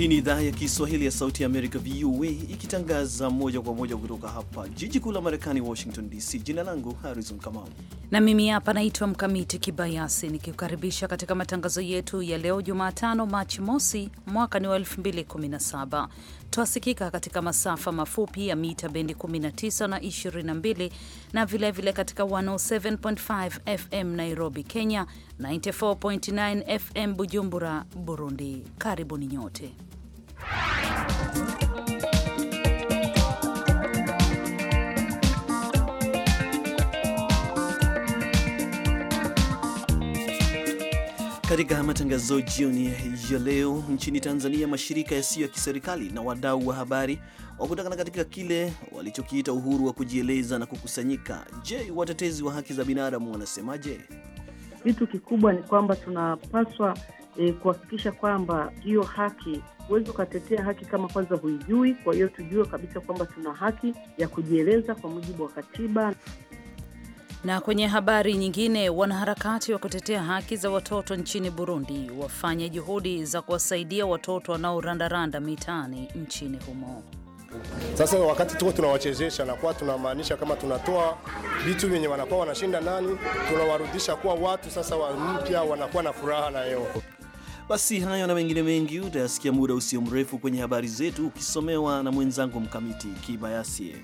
Hii ni idhaa ya Kiswahili ya Sauti ya Amerika, VOA, ikitangaza moja kwa moja kutoka hapa jiji kuu la Marekani, Washington DC. Jina langu Harrison Kamau na mimi hapa naitwa Mkamiti Kibayasi, nikikukaribisha katika matangazo yetu ya leo Jumatano, Machi mosi, mwaka ni wa 2017. Twasikika katika masafa mafupi ya mita bendi 19 na 22 na vilevile vile katika 107.5 FM Nairobi, Kenya, 94.9 FM Bujumbura, Burundi. Karibuni nyote. Katika matangazo jioni ya leo, nchini Tanzania, mashirika yasiyo ya kiserikali na wadau wa habari wakutakana katika kile walichokiita uhuru wa kujieleza na kukusanyika. Je, watetezi wa haki za binadamu wanasemaje? Kitu kikubwa ni kwamba tunapaswa e, kuhakikisha kwamba hiyo haki huwezi ukatetea haki kama kwanza huijui. Kwa hiyo tujue kabisa kwamba tuna haki ya kujieleza kwa mujibu wa katiba. Na kwenye habari nyingine, wanaharakati wa kutetea haki za watoto nchini Burundi wafanya juhudi za kuwasaidia watoto wanaorandaranda mitaani nchini humo. Sasa wakati tuko tunawachezesha na kuwa tunamaanisha kama tunatoa vitu vyenye wanakuwa wanashinda nani, tunawarudisha kuwa watu sasa wampya, wanakuwa na furaha na yeo basi hayo na mengine mengi utayasikia muda usio mrefu kwenye habari zetu, ukisomewa na mwenzangu Mkamiti Kibayasi.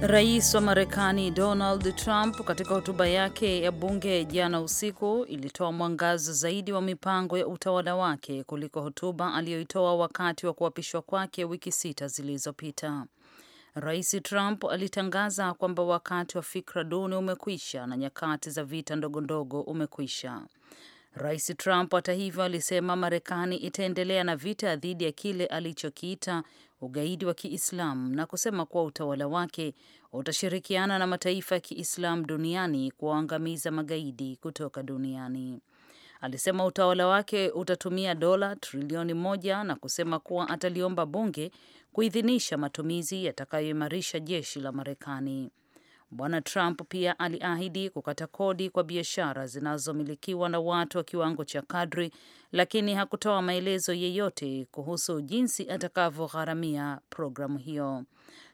Rais wa Marekani Donald Trump katika hotuba yake ya bunge jana usiku ilitoa mwangazo zaidi wa mipango ya utawala wake kuliko hotuba aliyoitoa wakati wa kuapishwa kwake wiki sita zilizopita. Rais Trump alitangaza kwamba wakati wa fikra duni umekwisha na nyakati za vita ndogondogo umekwisha. Rais Trump hata hivyo alisema Marekani itaendelea na vita dhidi ya kile alichokiita ugaidi wa Kiislamu na kusema kuwa utawala wake utashirikiana na mataifa ya Kiislamu duniani kuwaangamiza magaidi kutoka duniani alisema utawala wake utatumia dola trilioni moja na kusema kuwa ataliomba bunge kuidhinisha matumizi yatakayoimarisha jeshi la Marekani. Bwana Trump pia aliahidi kukata kodi kwa biashara zinazomilikiwa na watu wa kiwango cha kadri, lakini hakutoa maelezo yeyote kuhusu jinsi atakavyogharamia programu hiyo.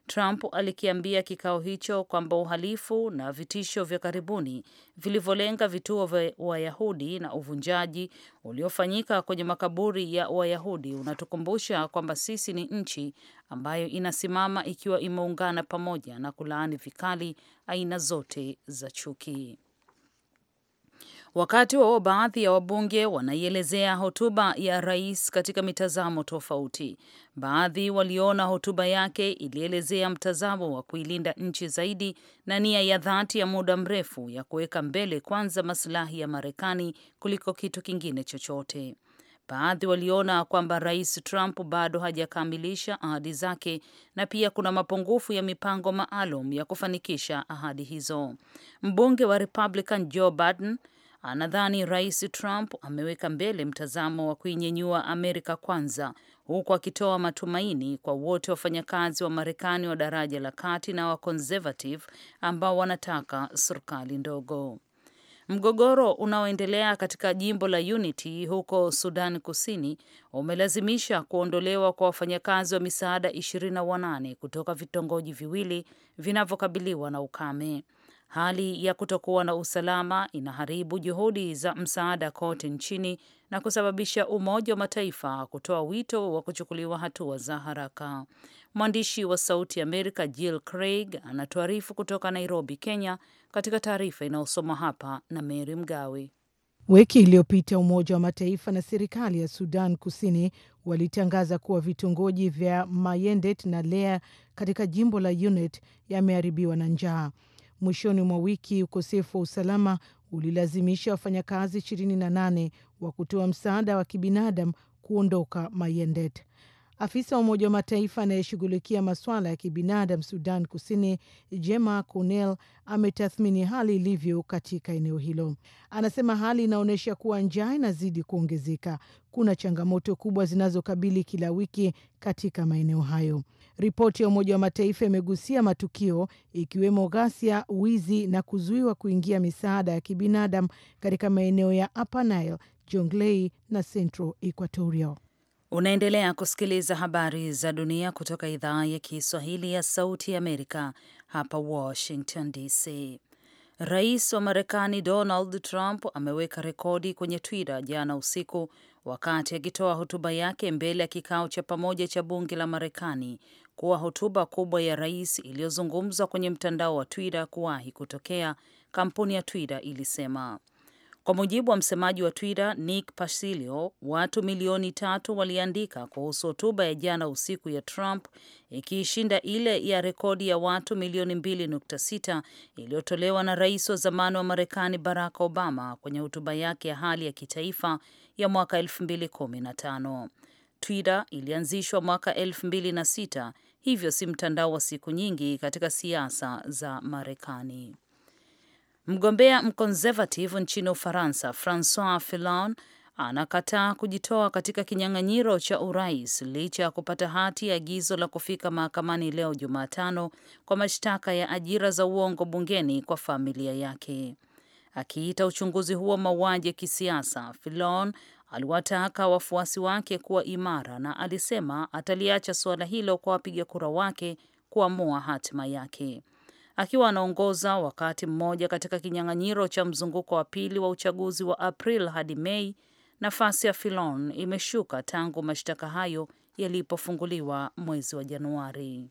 Trump alikiambia kikao hicho kwamba uhalifu na vitisho vya karibuni vilivyolenga vituo vya Wayahudi na uvunjaji uliofanyika kwenye makaburi ya Wayahudi unatukumbusha kwamba sisi ni nchi ambayo inasimama ikiwa imeungana pamoja na kulaani vikali aina zote za chuki. Wakati wao baadhi ya wabunge wanaielezea hotuba ya rais katika mitazamo tofauti. Baadhi waliona hotuba yake ilielezea mtazamo wa kuilinda nchi zaidi na nia ya dhati ya muda mrefu ya kuweka mbele kwanza masilahi ya Marekani kuliko kitu kingine chochote. Baadhi waliona kwamba Rais Trump bado hajakamilisha ahadi zake na pia kuna mapungufu ya mipango maalum ya kufanikisha ahadi hizo. Mbunge wa Republican Joe Biden Anadhani Rais Trump ameweka mbele mtazamo wa kuinyenyua Amerika kwanza huku akitoa matumaini kwa wote wafanyakazi wa Marekani wa daraja la kati na wa conservative ambao wanataka serikali ndogo. Mgogoro unaoendelea katika jimbo la Unity huko Sudan Kusini umelazimisha kuondolewa kwa wafanyakazi wa misaada wanane kutoka vitongoji viwili vinavyokabiliwa na ukame. Hali ya kutokuwa na usalama inaharibu juhudi za msaada kote nchini na kusababisha Umoja wa Mataifa kutoa wito wa kuchukuliwa hatua za haraka. Mwandishi wa Sauti ya Amerika Jill Craig anatuarifu kutoka Nairobi, Kenya, katika taarifa inayosoma hapa na Mary Mgawe. Wiki iliyopita Umoja wa Mataifa na serikali ya Sudan Kusini walitangaza kuwa vitongoji vya Mayendet na Lea katika jimbo la Unit yameharibiwa na njaa Mwishoni mwa wiki, ukosefu wa usalama ulilazimisha wafanyakazi 28 wa kutoa msaada wa kibinadamu kuondoka Mayendet. Afisa wa Umoja wa Mataifa anayeshughulikia masuala ya kibinadamu Sudan Kusini, Jema Kunel, ametathmini hali ilivyo katika eneo hilo. Anasema hali inaonyesha kuwa njaa inazidi kuongezeka. Kuna changamoto kubwa zinazokabili kila wiki katika maeneo hayo. Ripoti ya Umoja wa Mataifa imegusia matukio ikiwemo ghasia, wizi na kuzuiwa kuingia misaada ya kibinadamu katika maeneo ya Upper Nile, Jonglei na Central Equatoria. Unaendelea kusikiliza habari za dunia kutoka idhaa ya Kiswahili ya Sauti ya Amerika hapa Washington DC. Rais wa Marekani Donald Trump ameweka rekodi kwenye Twitter jana usiku wakati akitoa hotuba yake mbele ya kikao cha pamoja cha bunge la Marekani kuwa hotuba kubwa ya rais iliyozungumzwa kwenye mtandao wa Twitter kuwahi kutokea, kampuni ya Twitter ilisema. Kwa mujibu wa msemaji wa Twitter Nick Pasilio, watu milioni tatu waliandika kuhusu hotuba ya jana usiku ya Trump ikiishinda ile ya rekodi ya watu milioni 2.6 iliyotolewa na rais wa zamani wa Marekani Barack Obama kwenye hotuba yake ya hali ya kitaifa ya mwaka 2015. Twitter ilianzishwa mwaka 2006, hivyo si mtandao wa siku nyingi katika siasa za Marekani. Mgombea mkonservative nchini Ufaransa Francois Fillon anakataa kujitoa katika kinyang'anyiro cha urais licha ya kupata hati ya agizo la kufika mahakamani leo Jumatano kwa mashtaka ya ajira za uongo bungeni kwa familia yake. Akiita uchunguzi huo mauaji ya kisiasa, Fillon aliwataka wafuasi wake kuwa imara na alisema ataliacha suala hilo kwa wapiga kura wake kuamua hatima yake akiwa anaongoza wakati mmoja katika kinyang'anyiro cha mzunguko wa pili wa uchaguzi wa April hadi Mei. Nafasi ya filon imeshuka tangu mashtaka hayo yalipofunguliwa mwezi wa Januari.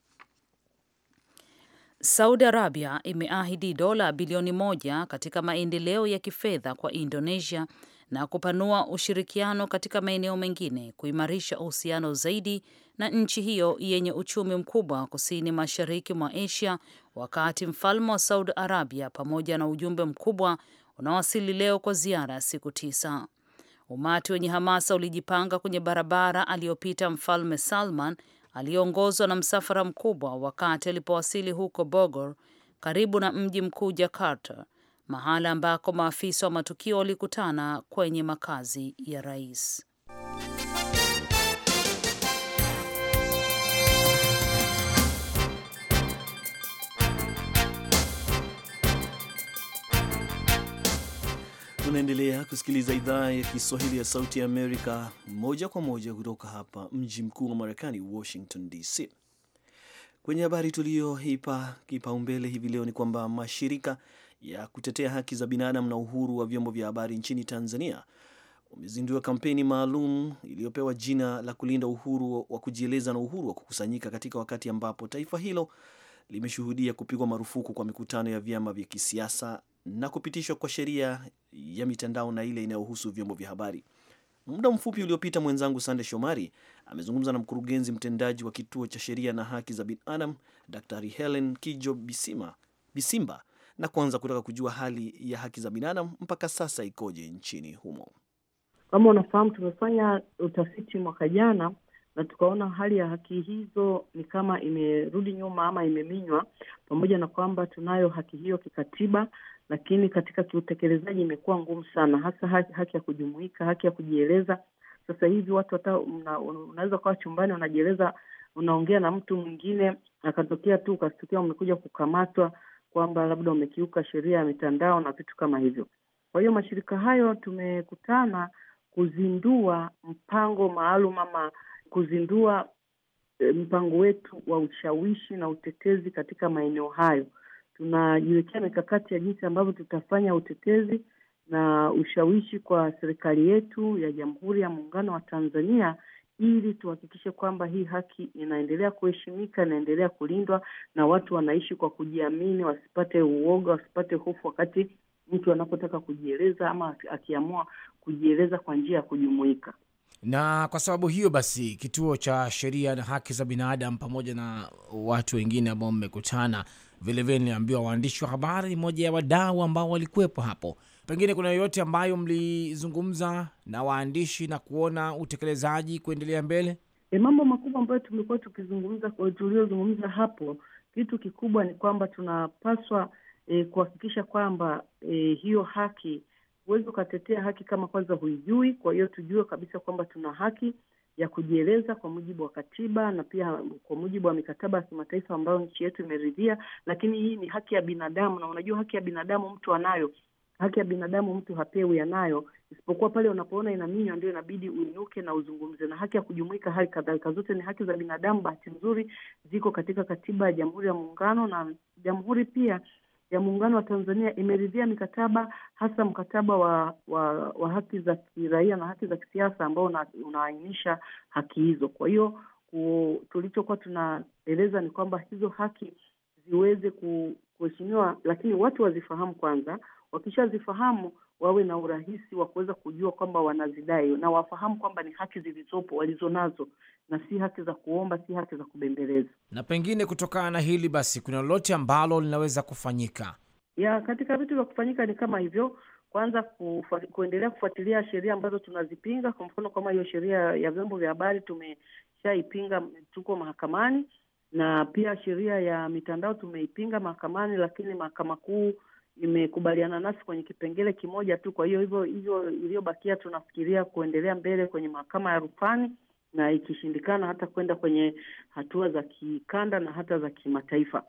Saudi Arabia imeahidi dola bilioni moja katika maendeleo ya kifedha kwa Indonesia na kupanua ushirikiano katika maeneo mengine, kuimarisha uhusiano zaidi na nchi hiyo yenye uchumi mkubwa kusini mashariki mwa Asia, wakati mfalme wa Saudi Arabia pamoja na ujumbe mkubwa unawasili leo kwa ziara ya siku tisa. Umati wenye hamasa ulijipanga kwenye barabara aliyopita Mfalme Salman aliyeongozwa na msafara mkubwa wakati alipowasili huko Bogor karibu na mji mkuu Jakarta mahala ambako maafisa wa matukio walikutana kwenye makazi ya rais. Unaendelea kusikiliza idhaa ya Kiswahili ya Sauti ya Amerika moja kwa moja kutoka hapa mji mkuu wa Marekani, Washington DC. Kwenye habari tuliyoipa kipaumbele hivi leo ni kwamba mashirika ya kutetea haki za binadamu na uhuru wa vyombo vya habari nchini Tanzania umezindua kampeni maalum iliyopewa jina la kulinda uhuru wa kujieleza na uhuru wa kukusanyika katika wakati ambapo taifa hilo limeshuhudia kupigwa marufuku kwa mikutano ya vyama vya kisiasa na kupitishwa kwa sheria ya mitandao na ile inayohusu vyombo vya habari. Muda mfupi uliopita, mwenzangu Sande Shomari amezungumza na mkurugenzi mtendaji wa kituo cha sheria na haki za binadamu Daktari Helen Kijo Bisima, Bisimba na kuanza kutaka kujua hali ya haki za binadamu mpaka sasa ikoje nchini humo. Kama unafahamu, tumefanya utafiti mwaka jana na tukaona hali ya haki hizo ni kama imerudi nyuma ama imeminywa, pamoja na kwamba tunayo haki hiyo kikatiba, lakini katika kiutekelezaji imekuwa ngumu sana, hasa haki, haki ya kujumuika, haki ya kujieleza. Sasa hivi watu hata una, unaweza ukawa chumbani unajieleza, unaongea na mtu mwingine akatokea tu ukashtukiwa umekuja kukamatwa kwamba labda umekiuka sheria ya mitandao na vitu kama hivyo. Kwa hiyo mashirika hayo tumekutana kuzindua mpango maalum ama kuzindua eh, mpango wetu wa ushawishi na utetezi katika maeneo hayo. Tunajiwekea mikakati ya jinsi ambavyo tutafanya utetezi na ushawishi kwa serikali yetu ya Jamhuri ya Muungano wa Tanzania ili tuhakikishe kwamba hii haki inaendelea kuheshimika, inaendelea kulindwa na watu wanaishi kwa kujiamini, wasipate uoga, wasipate hofu wakati mtu anapotaka kujieleza ama akiamua kujieleza kwa njia ya kujumuika. Na kwa sababu hiyo basi, kituo cha sheria na haki za binadamu pamoja na watu wengine ambao mmekutana vilevile, niliambiwa waandishi wa habari, moja ya wadau ambao walikuwepo hapo Pengine kuna yoyote ambayo mlizungumza na waandishi na kuona utekelezaji kuendelea mbele? E, mambo makubwa ambayo tumekuwa tukizungumza, tuliozungumza hapo, kitu kikubwa ni kwamba tunapaswa e, kuhakikisha kwamba e, hiyo haki, huwezi ukatetea haki kama kwanza huijui. Kwa hiyo tujue kabisa kwamba tuna haki ya kujieleza kwa mujibu wa katiba na pia kwa mujibu wa mikataba ya kimataifa ambayo nchi yetu imeridhia, lakini hii ni haki ya binadamu, na unajua haki ya binadamu mtu anayo haki ya binadamu mtu hapewi yanayo, isipokuwa pale unapoona inaminywa, ndio inabidi uinuke na uzungumze. Na haki ya kujumuika, hali kadhalika, zote ni haki za binadamu. Bahati nzuri ziko katika katiba ya Jamhuri ya Muungano, na jamhuri pia ya Muungano wa Tanzania imeridhia mikataba, hasa mkataba wa, wa, wa haki za kiraia na haki za kisiasa ambao unaainisha una haki hizo. Kwa hiyo tulichokuwa tunaeleza ni kwamba hizo haki ziweze kuheshimiwa, lakini watu wazifahamu kwanza wakishazifahamu wawe na urahisi wa kuweza kujua kwamba wanazidai na wafahamu kwamba ni haki zilizopo walizonazo, na si haki za kuomba, si haki za kubembeleza. Na pengine kutokana na hili basi, kuna lolote ambalo linaweza kufanyika? Ya, katika vitu vya kufanyika ni kama hivyo, kwanza kufa, kuendelea kufuatilia sheria ambazo tunazipinga. Kwa mfano kama hiyo sheria ya vyombo vya habari tumeshaipinga, tuko mahakamani, na pia sheria ya mitandao tumeipinga mahakamani, lakini mahakama kuu imekubaliana nasi kwenye kipengele kimoja tu. Kwa hiyo hivyo hivyo iliyobakia tunafikiria kuendelea mbele kwenye mahakama ya rufani na ikishindikana hata kwenda kwenye hatua za kikanda na hata za kimataifa.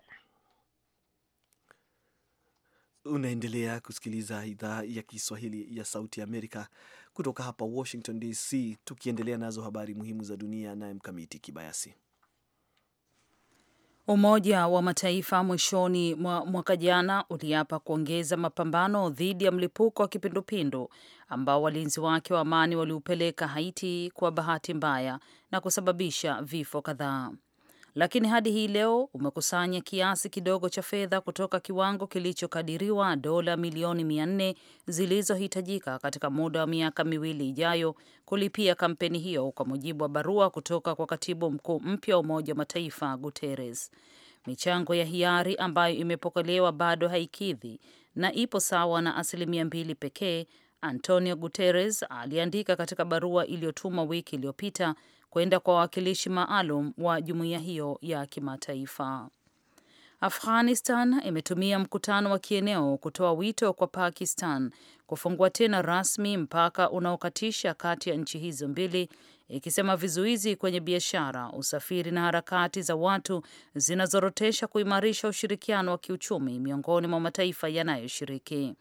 Unaendelea kusikiliza idhaa ya Kiswahili ya Sauti ya Amerika kutoka hapa Washington DC, tukiendelea nazo habari muhimu za dunia, naye Mkamiti Kibayasi. Umoja wa Mataifa mwishoni mwa mwaka jana uliapa kuongeza mapambano dhidi ya mlipuko wa kipindupindu ambao walinzi wake wa amani waliupeleka Haiti kwa bahati mbaya na kusababisha vifo kadhaa lakini hadi hii leo umekusanya kiasi kidogo cha fedha kutoka kiwango kilichokadiriwa dola milioni mia nne zilizohitajika katika muda wa miaka miwili ijayo kulipia kampeni hiyo, kwa mujibu wa barua kutoka kwa katibu mkuu mpya wa Umoja wa Mataifa Guterres. Michango ya hiari ambayo imepokelewa bado haikidhi na ipo sawa na asilimia mbili pekee, Antonio Guterres aliandika katika barua iliyotumwa wiki iliyopita kwenda kwa wawakilishi maalum wa jumuiya hiyo ya kimataifa. Afghanistan imetumia mkutano wa kieneo kutoa wito kwa Pakistan kufungua tena rasmi mpaka unaokatisha kati ya nchi hizo mbili ikisema vizuizi kwenye biashara, usafiri na harakati za watu zinazorotesha kuimarisha ushirikiano wa kiuchumi miongoni mwa mataifa yanayoshiriki.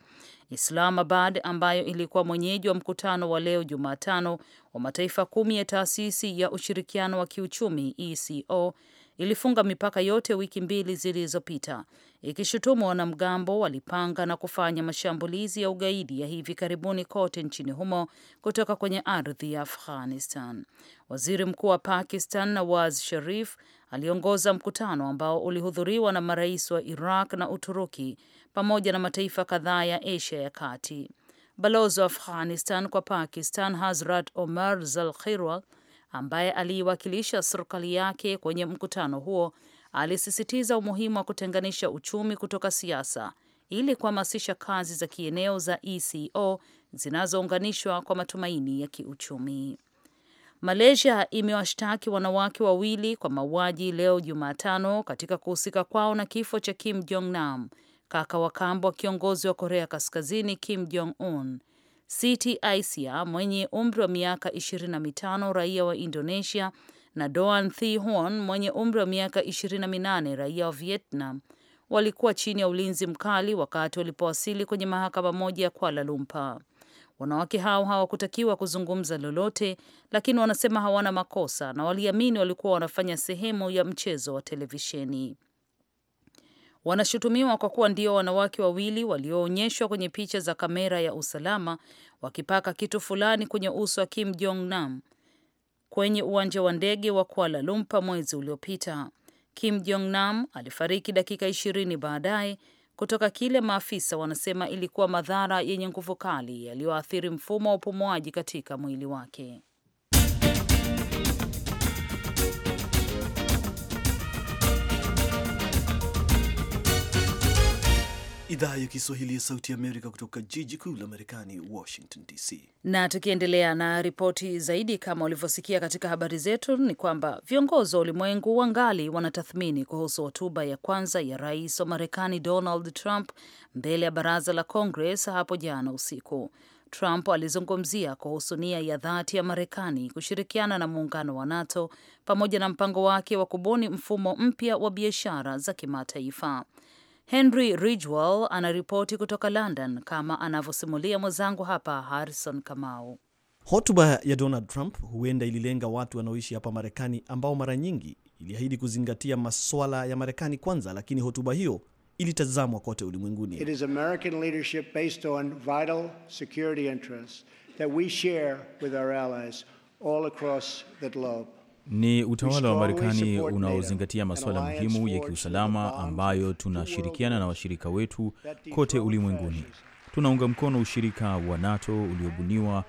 Islamabad ambayo ilikuwa mwenyeji wa mkutano wa leo Jumatano wa mataifa kumi ya taasisi ya ushirikiano wa kiuchumi ECO ilifunga mipaka yote wiki mbili zilizopita ikishutumu wanamgambo walipanga na kufanya mashambulizi ya ugaidi ya hivi karibuni kote nchini humo kutoka kwenye ardhi ya Afghanistan. Waziri Mkuu wa Pakistan Nawaz Sharif aliongoza mkutano ambao ulihudhuriwa na marais wa Iraq na Uturuki pamoja na mataifa kadhaa ya Asia ya Kati. Balozi wa Afghanistan kwa Pakistan Hazrat Omar Zalkhirwal ambaye aliiwakilisha serikali yake kwenye mkutano huo alisisitiza umuhimu wa kutenganisha uchumi kutoka siasa ili kuhamasisha kazi za kieneo za ECO zinazounganishwa kwa matumaini ya kiuchumi. Malaysia imewashtaki wanawake wawili kwa mauaji leo Jumatano katika kuhusika kwao na kifo cha Kim Jong Nam, kaka wa kambo wa kiongozi wa Korea Kaskazini Kim Jong Un. Siti Aisia mwenye umri wa miaka 25 raia wa Indonesia na Doan Thi Huon mwenye umri wa miaka 28 raia wa Vietnam walikuwa chini ya ulinzi mkali wakati walipowasili kwenye mahakama moja ya Kuala Lumpur. Wanawake hao hawakutakiwa kuzungumza lolote, lakini wanasema hawana makosa na waliamini walikuwa wanafanya sehemu ya mchezo wa televisheni. Wanashutumiwa kwa kuwa ndio wanawake wawili walioonyeshwa kwenye picha za kamera ya usalama wakipaka kitu fulani kwenye uso wa Kim Jong Nam kwenye uwanja wa ndege wa Kuala Lumpur mwezi uliopita. Kim Jong Nam alifariki dakika ishirini baadaye kutoka kile maafisa wanasema ilikuwa madhara yenye nguvu kali yaliyoathiri mfumo wa upumuaji katika mwili wake. Idhaa ya Kiswahili ya Sauti Amerika kutoka jiji kuu la Marekani, Washington DC. Na tukiendelea na ripoti zaidi, kama ulivyosikia katika habari zetu, ni kwamba viongozi wa ulimwengu wangali wanatathmini kuhusu hotuba ya kwanza ya rais wa Marekani Donald Trump mbele ya baraza la Congress hapo jana usiku. Trump alizungumzia kuhusu nia ya dhati ya Marekani kushirikiana na muungano wa NATO pamoja na mpango wake wa kubuni mfumo mpya wa biashara za kimataifa. Henry Ridgwell anaripoti kutoka London, kama anavyosimulia mwenzangu hapa Harrison Kamau. Hotuba ya Donald Trump huenda ililenga watu wanaoishi hapa Marekani, ambao mara nyingi iliahidi kuzingatia maswala ya Marekani kwanza, lakini hotuba hiyo ilitazamwa kote ulimwenguni. It is American leadership based on vital security interests that we share with our allies all across the globe. Ni utawala wa Marekani unaozingatia masuala muhimu ya kiusalama ambayo tunashirikiana na washirika wetu kote ulimwenguni. Tunaunga mkono ushirika wa NATO uliobuniwa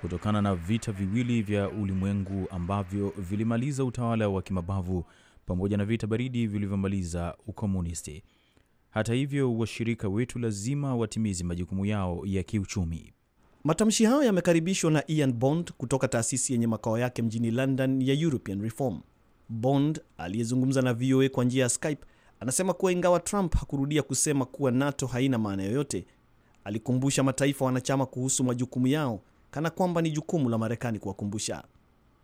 kutokana na vita viwili vya ulimwengu ambavyo vilimaliza utawala wa kimabavu pamoja na vita baridi vilivyomaliza ukomunisti. Hata hivyo, washirika wetu lazima watimize majukumu yao ya kiuchumi. Matamshi hayo yamekaribishwa na Ian Bond kutoka taasisi yenye makao yake mjini London ya European Reform. Bond aliyezungumza na VOA kwa njia ya Skype anasema kuwa ingawa Trump hakurudia kusema kuwa NATO haina maana yoyote, alikumbusha mataifa wanachama kuhusu majukumu yao kana kwamba ni jukumu la Marekani kuwakumbusha.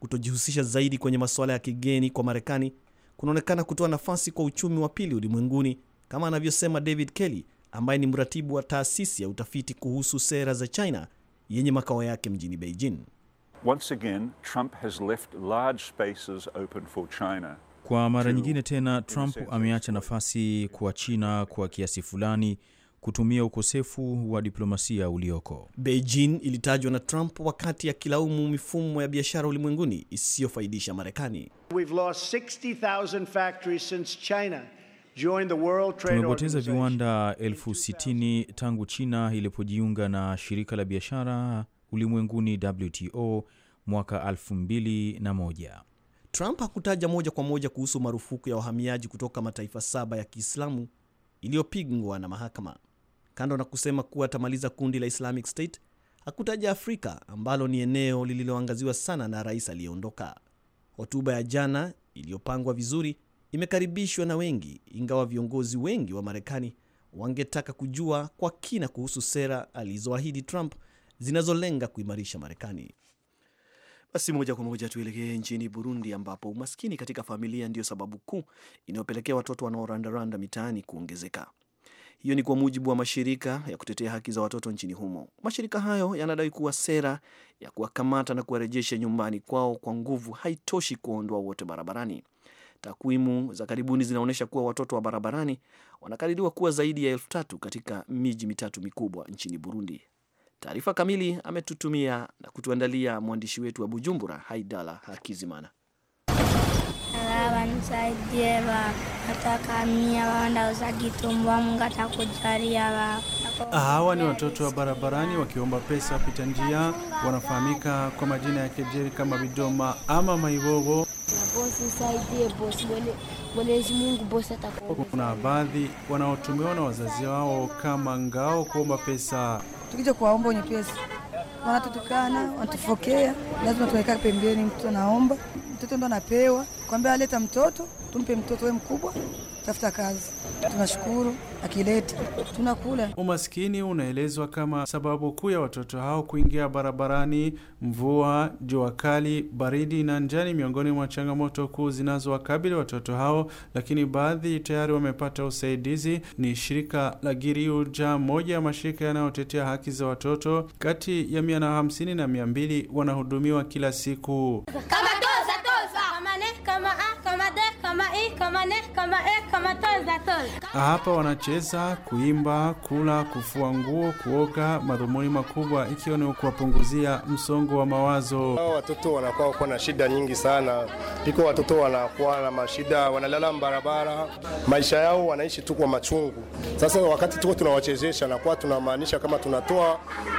Kutojihusisha zaidi kwenye masuala ya kigeni kwa Marekani kunaonekana kutoa nafasi kwa uchumi wa pili ulimwenguni, kama anavyosema David Kelly ambaye ni mratibu wa taasisi ya utafiti kuhusu sera za China yenye makao yake mjini Beijing. Once again, Trump has left large spaces open for China. Kwa mara nyingine tena Trump ameacha nafasi kwa China kwa kiasi fulani kutumia ukosefu wa diplomasia ulioko. Beijing ilitajwa na Trump wakati akilaumu mifumo ya biashara ulimwenguni isiyofaidisha Marekani. We've lost 60,000 factories since China Tumepoteza viwanda elfu sitini tangu China ilipojiunga na shirika la biashara ulimwenguni WTO mwaka 2001. Trump hakutaja moja kwa moja kuhusu marufuku ya wahamiaji kutoka mataifa saba ya Kiislamu iliyopingwa na mahakama. Kando na kusema kuwa atamaliza kundi la Islamic State, hakutaja Afrika ambalo ni eneo lililoangaziwa sana na rais aliyeondoka. Hotuba ya jana iliyopangwa vizuri imekaribishwa na wengi, ingawa viongozi wengi wa Marekani wangetaka kujua kwa kina kuhusu sera alizoahidi Trump zinazolenga kuimarisha Marekani. Basi moja kwa moja tuelekee nchini Burundi, ambapo umaskini katika familia ndiyo sababu kuu inayopelekea watoto wanaorandaranda mitaani kuongezeka. Hiyo ni kwa mujibu wa mashirika ya kutetea haki za watoto nchini humo. Mashirika hayo yanadai kuwa sera ya kuwakamata na kuwarejesha nyumbani kwao kwa nguvu haitoshi kuwaondoa wote barabarani. Takwimu za karibuni zinaonyesha kuwa watoto wa barabarani wanakadiriwa kuwa zaidi ya elfu tatu katika miji mitatu mikubwa nchini Burundi. Taarifa kamili ametutumia na kutuandalia mwandishi wetu wa Bujumbura, Haidala Hakizimana. wanisaidie vanatakamia vavandauzagitumbwa mungu atakujalia Ah, hawa ni watoto wa barabarani wakiomba pesa wapita njia, wanafahamika kwa majina ya kejeli kama Bidoma ama Maibogo. Kuna baadhi wanaotumiwa na wazazi wao kama ngao kuomba pesa. Tukija kuwaomba wenye pesa wanatutukana, wanatufokea, lazima tuweka pembeni. Mtoto anaomba, mtoto ndo anapewa, kwambia aleta mtoto, tumpe mtoto we mkubwa tafuta kazi. Tunashukuru akileta tunakula. Umaskini unaelezwa kama sababu kuu ya watoto hao kuingia barabarani. Mvua, jua kali, baridi na njani miongoni mwa changamoto kuu zinazowakabili watoto hao, lakini baadhi tayari wamepata usaidizi. Ni shirika la Giriuja, moja ya mashirika yanayotetea haki za watoto. Kati ya mia na hamsini na mia mbili wanahudumiwa kila siku kama toza, toza. Kama ne, kama a, kama de, kama i, kama ne, kama e. Hapa wanacheza, kuimba, kula, kufua nguo, kuoga, madhumuni makubwa ikiwa ni kuwapunguzia msongo wa mawazo. Hao watoto wanakuwa kwa na shida nyingi sana, iko watoto wanakuwa na mashida, wanalala barabara, maisha yao wanaishi tu kwa machungu. Sasa wakati tuko tunawachezesha, nakuwa tunamaanisha kama tunatoa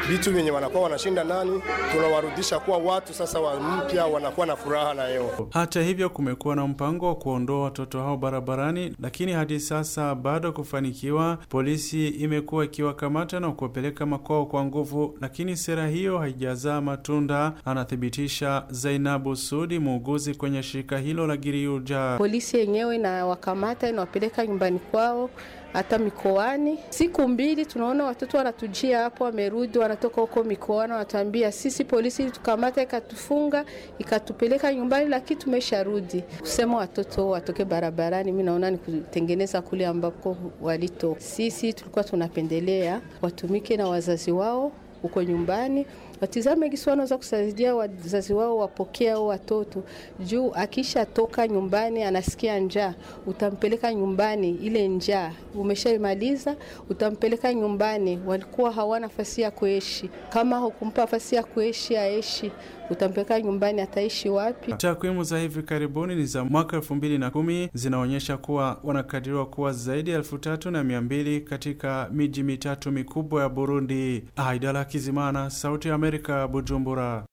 vitu vyenye wanakuwa wanashinda nani, tunawarudisha kuwa watu sasa wa mpya, wanakuwa na furaha nayo. Hata hivyo kumekuwa na mpango wa kuondoa watoto hao barabarani, lakini lakini hadi sasa bado ya kufanikiwa, polisi imekuwa ikiwakamata na kuwapeleka makwao kwa nguvu, lakini sera hiyo haijazaa matunda, anathibitisha Zainabu Sudi, muuguzi kwenye shirika hilo la Giriuja. Polisi yenyewe na wakamata inawapeleka nyumbani kwao hata mikoani. Siku mbili tunaona watoto wanatujia hapo, wamerudi wanatoka huko mikoani, wanatuambia sisi polisi tukamata ikatufunga ikatupeleka nyumbani, lakini tumesharudi. Kusema watoto watoke barabarani, mi naona ni kutengeneza kule ambako walitoka. Sisi tulikuwa tunapendelea watumike na wazazi wao huko nyumbani watizame gisi wanaweza kusaidia wazazi wao wapokea hao watoto, juu akisha toka nyumbani anasikia njaa, utampeleka nyumbani, ile njaa umeshaimaliza, utampeleka nyumbani. Walikuwa hawana nafasi ya kuishi, kama hukumpa nafasi ya kuishi aishi utampeleka nyumbani, ataishi wapi? Takwimu za hivi karibuni ni za mwaka elfu mbili na kumi zinaonyesha kuwa wanakadiriwa kuwa zaidi ya elfu tatu na mia mbili katika miji mitatu mikubwa ya Burundi. Haidala Kizimana, Sauti ya Amerika, Bujumbura.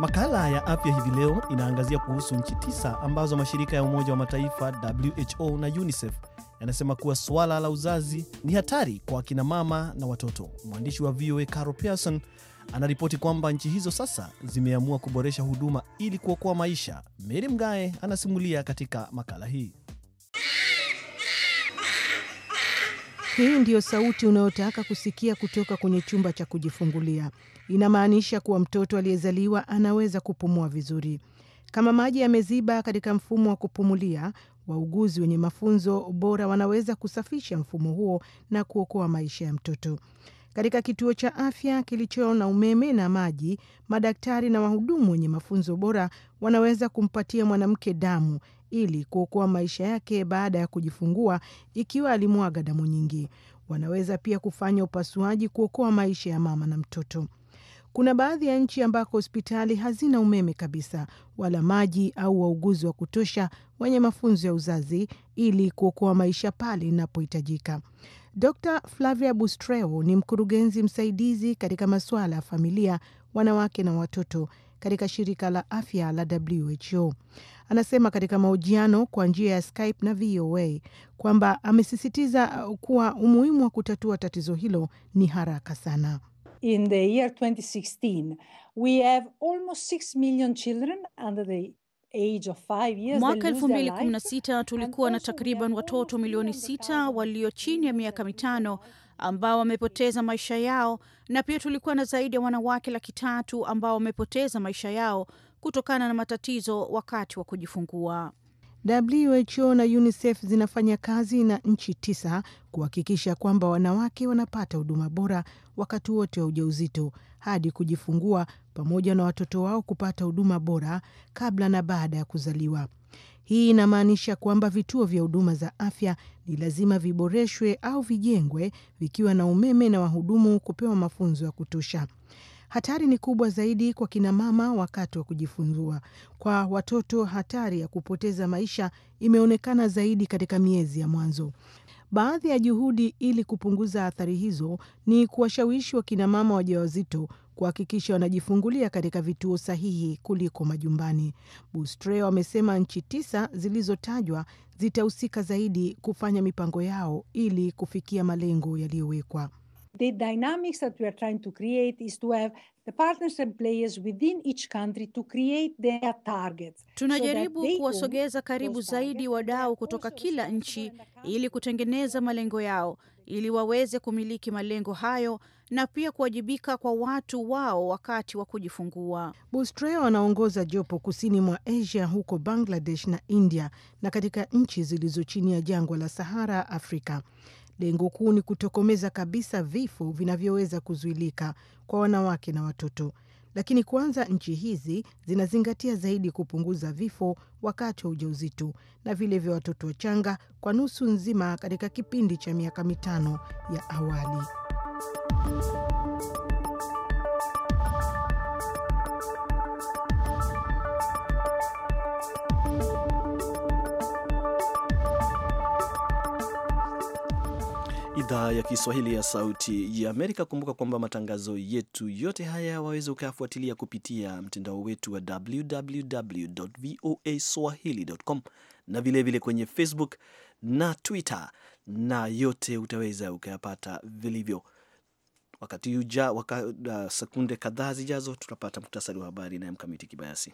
Makala ya afya hivi leo inaangazia kuhusu nchi tisa ambazo mashirika ya Umoja wa Mataifa WHO na UNICEF yanasema kuwa suala la uzazi ni hatari kwa akina mama na watoto. Mwandishi wa VOA Carol Pearson anaripoti kwamba nchi hizo sasa zimeamua kuboresha huduma ili kuokoa maisha. Meri Mgae anasimulia katika makala hii. Hii ndiyo sauti unayotaka kusikia kutoka kwenye chumba cha kujifungulia inamaanisha kuwa mtoto aliyezaliwa anaweza kupumua vizuri. Kama maji yameziba katika mfumo wa kupumulia, wauguzi wenye mafunzo bora wanaweza kusafisha mfumo huo na kuokoa maisha ya mtoto. Katika kituo cha afya kilicho na umeme na maji, madaktari na wahudumu wenye mafunzo bora wanaweza kumpatia mwanamke damu ili kuokoa maisha yake baada ya kujifungua ikiwa alimwaga damu nyingi. Wanaweza pia kufanya upasuaji kuokoa maisha ya mama na mtoto. Kuna baadhi ya nchi ambako hospitali hazina umeme kabisa wala maji au wauguzi wa kutosha wenye mafunzo ya uzazi ili kuokoa maisha pale inapohitajika. Dr Flavia Bustreo ni mkurugenzi msaidizi katika masuala ya familia, wanawake na watoto katika shirika la afya la WHO. Anasema katika mahojiano kwa njia ya Skype na VOA kwamba amesisitiza kuwa umuhimu wa kutatua tatizo hilo ni haraka sana in the year 2016, we have almost 6 million children under the Mwaka 2016 tulikuwa na takriban watoto milioni sita walio chini ya miaka mitano ambao wamepoteza maisha yao, na pia tulikuwa na zaidi ya wanawake laki tatu ambao wamepoteza maisha yao kutokana na matatizo wakati wa kujifungua. WHO na UNICEF zinafanya kazi na nchi tisa kuhakikisha kwamba wanawake wanapata huduma bora wakati wote wa ujauzito hadi kujifungua pamoja na watoto wao kupata huduma bora kabla na baada ya kuzaliwa. Hii inamaanisha kwamba vituo vya huduma za afya ni lazima viboreshwe au vijengwe vikiwa na umeme na wahudumu kupewa mafunzo ya kutosha. Hatari ni kubwa zaidi kwa kinamama wakati wa kujifungua. Kwa watoto, hatari ya kupoteza maisha imeonekana zaidi katika miezi ya mwanzo. Baadhi ya juhudi ili kupunguza athari hizo ni kuwashawishi wakinamama wajawazito kuhakikisha wanajifungulia katika vituo sahihi kuliko majumbani. Bustre wamesema nchi tisa zilizotajwa zitahusika zaidi kufanya mipango yao ili kufikia malengo yaliyowekwa. The dynamics that we are trying to create is to have the partners and players within each country to create their targets. Tunajaribu so kuwasogeza karibu zaidi wadau kutoka kila nchi ili kutengeneza malengo yao ili waweze kumiliki malengo hayo na pia kuwajibika kwa watu wao wakati wa kujifungua. Bustreo anaongoza jopo kusini mwa Asia huko Bangladesh na India na katika nchi zilizo chini ya jangwa la Sahara Afrika. Lengo kuu ni kutokomeza kabisa vifo vinavyoweza kuzuilika kwa wanawake na watoto. Lakini kwanza, nchi hizi zinazingatia zaidi kupunguza vifo wakati wa ujauzito na vile vya watoto wachanga kwa nusu nzima katika kipindi cha miaka mitano ya awali. idhaa ya Kiswahili ya Sauti ya Amerika. Kumbuka kwamba matangazo yetu yote haya waweza ukayafuatilia kupitia mtandao wetu wa www voa swahili.com na vilevile vile kwenye Facebook na Twitter, na yote utaweza ukayapata vilivyo. Wakati uja waka, uh, sekunde kadhaa zijazo tutapata mktasari wa habari naye Mkamiti Kibayasi.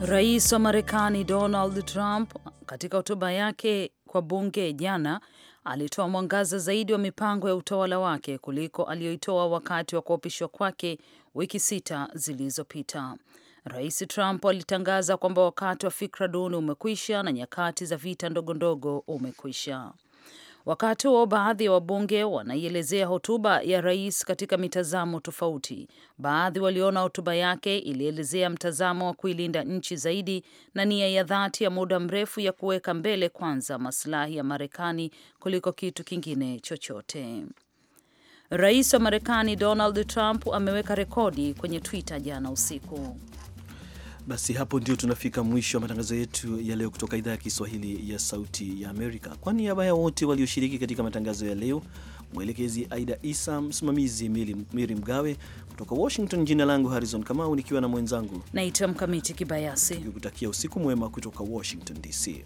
Rais wa Marekani Donald Trump katika hotuba yake kwa bunge jana alitoa mwangaza zaidi wa mipango ya utawala wake kuliko aliyoitoa wakati wa kuapishwa kwake wiki sita zilizopita. Rais Trump alitangaza kwamba wakati wa fikra duni umekwisha na nyakati za vita ndogondogo umekwisha. Wakati huo baadhi ya wabunge wanaielezea hotuba ya rais katika mitazamo tofauti. Baadhi waliona hotuba yake ilielezea mtazamo wa kuilinda nchi zaidi na nia ya dhati ya muda mrefu ya kuweka mbele kwanza masilahi ya Marekani kuliko kitu kingine chochote. Rais wa Marekani Donald Trump ameweka rekodi kwenye Twitter jana usiku. Basi hapo ndio tunafika mwisho wa matangazo yetu ya leo kutoka idhaa ya Kiswahili ya Sauti ya Amerika. Kwa niaba ya wote walioshiriki katika matangazo ya leo, mwelekezi Aida Isa, msimamizi Miri Mgawe kutoka Washington, jina langu Harrison Kamau nikiwa na mwenzangu naitwa Mkamiti Kibayasi, tukikutakia usiku mwema kutoka Washington DC.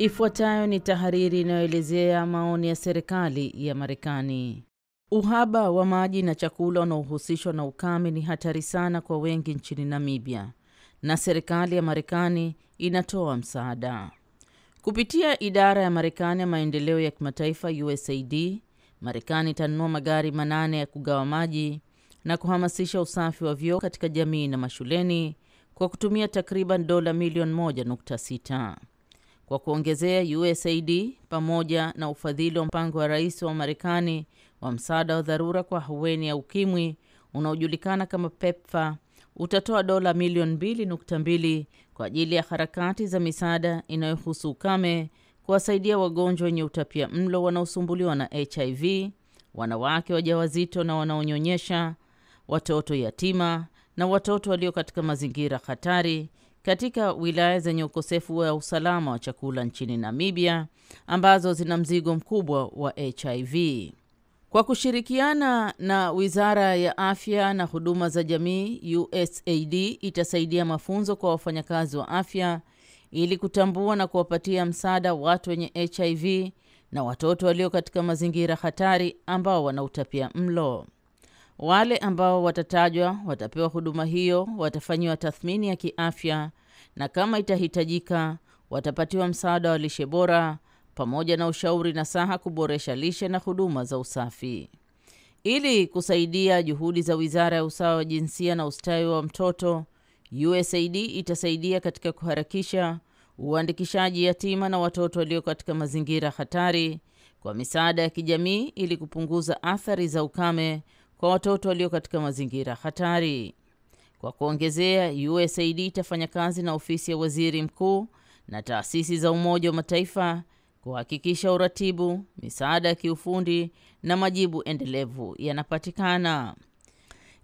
Ifuatayo ni tahariri inayoelezea maoni ya serikali ya Marekani. Uhaba wa maji na chakula unaohusishwa na ukame ni hatari sana kwa wengi nchini Namibia, na serikali ya Marekani inatoa msaada kupitia idara ya Marekani ya maendeleo ya kimataifa USAID. Marekani itanunua magari manane ya kugawa maji na kuhamasisha usafi wa vyoo katika jamii na mashuleni kwa kutumia takriban dola milioni 1.6 kwa kuongezea USAID pamoja na ufadhili wa mpango wa rais wa Marekani wa msaada wa dharura kwa haweni ya ukimwi unaojulikana kama PEPFA utatoa dola milioni 2.2 kwa ajili ya harakati za misaada inayohusu ukame, kuwasaidia wagonjwa wenye utapia mlo wanaosumbuliwa na HIV, wanawake wajawazito na wanaonyonyesha, watoto yatima na watoto walio katika mazingira hatari katika wilaya zenye ukosefu wa usalama wa chakula nchini Namibia ambazo zina mzigo mkubwa wa HIV. Kwa kushirikiana na Wizara ya Afya na Huduma za Jamii, USAID itasaidia mafunzo kwa wafanyakazi wa afya ili kutambua na kuwapatia msaada watu wenye HIV na watoto walio katika mazingira hatari ambao wanautapia mlo. Wale ambao watatajwa watapewa huduma hiyo, watafanyiwa tathmini ya kiafya na kama itahitajika watapatiwa msaada wa lishe bora pamoja na ushauri na saha kuboresha lishe na huduma za usafi. Ili kusaidia juhudi za Wizara ya Usawa wa Jinsia na Ustawi wa Mtoto, USAID itasaidia katika kuharakisha uandikishaji yatima na watoto walio katika mazingira hatari kwa misaada ya kijamii ili kupunguza athari za ukame kwa watoto walio katika mazingira hatari. Kwa kuongezea, USAID itafanya kazi na ofisi ya waziri mkuu na taasisi za Umoja wa Mataifa kuhakikisha uratibu, misaada ya kiufundi na majibu endelevu yanapatikana.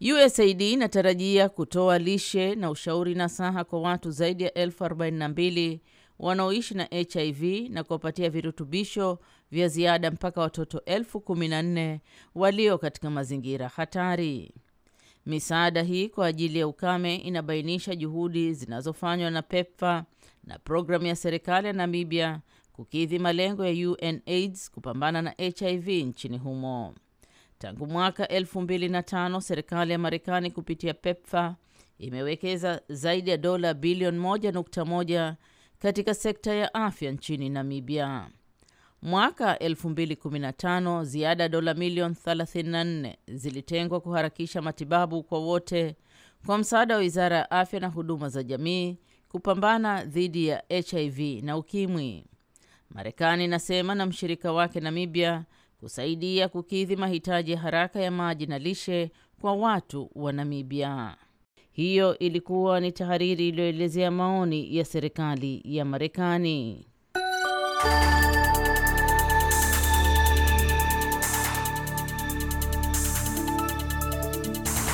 USAID inatarajia kutoa lishe na ushauri na saha kwa watu zaidi ya elfu 42 wanaoishi na HIV na kuwapatia virutubisho vya ziada mpaka watoto elfu kumi na nne walio katika mazingira hatari. Misaada hii kwa ajili ya ukame inabainisha juhudi zinazofanywa na PEPFA na programu ya serikali ya Namibia kukidhi malengo ya UNAIDS kupambana na HIV nchini humo. Tangu mwaka 2005 serikali ya Marekani kupitia PEPFA imewekeza zaidi ya dola bilioni 1.1 katika sekta ya afya nchini Namibia. Mwaka 2015 ziada ya dola milioni 34 zilitengwa kuharakisha matibabu kwa wote kwa msaada wa Wizara ya Afya na Huduma za Jamii kupambana dhidi ya HIV na ukimwi. Marekani inasema na mshirika wake Namibia kusaidia kukidhi mahitaji ya haraka ya maji na lishe kwa watu wa Namibia. Hiyo ilikuwa ni tahariri iliyoelezea maoni ya serikali ya Marekani.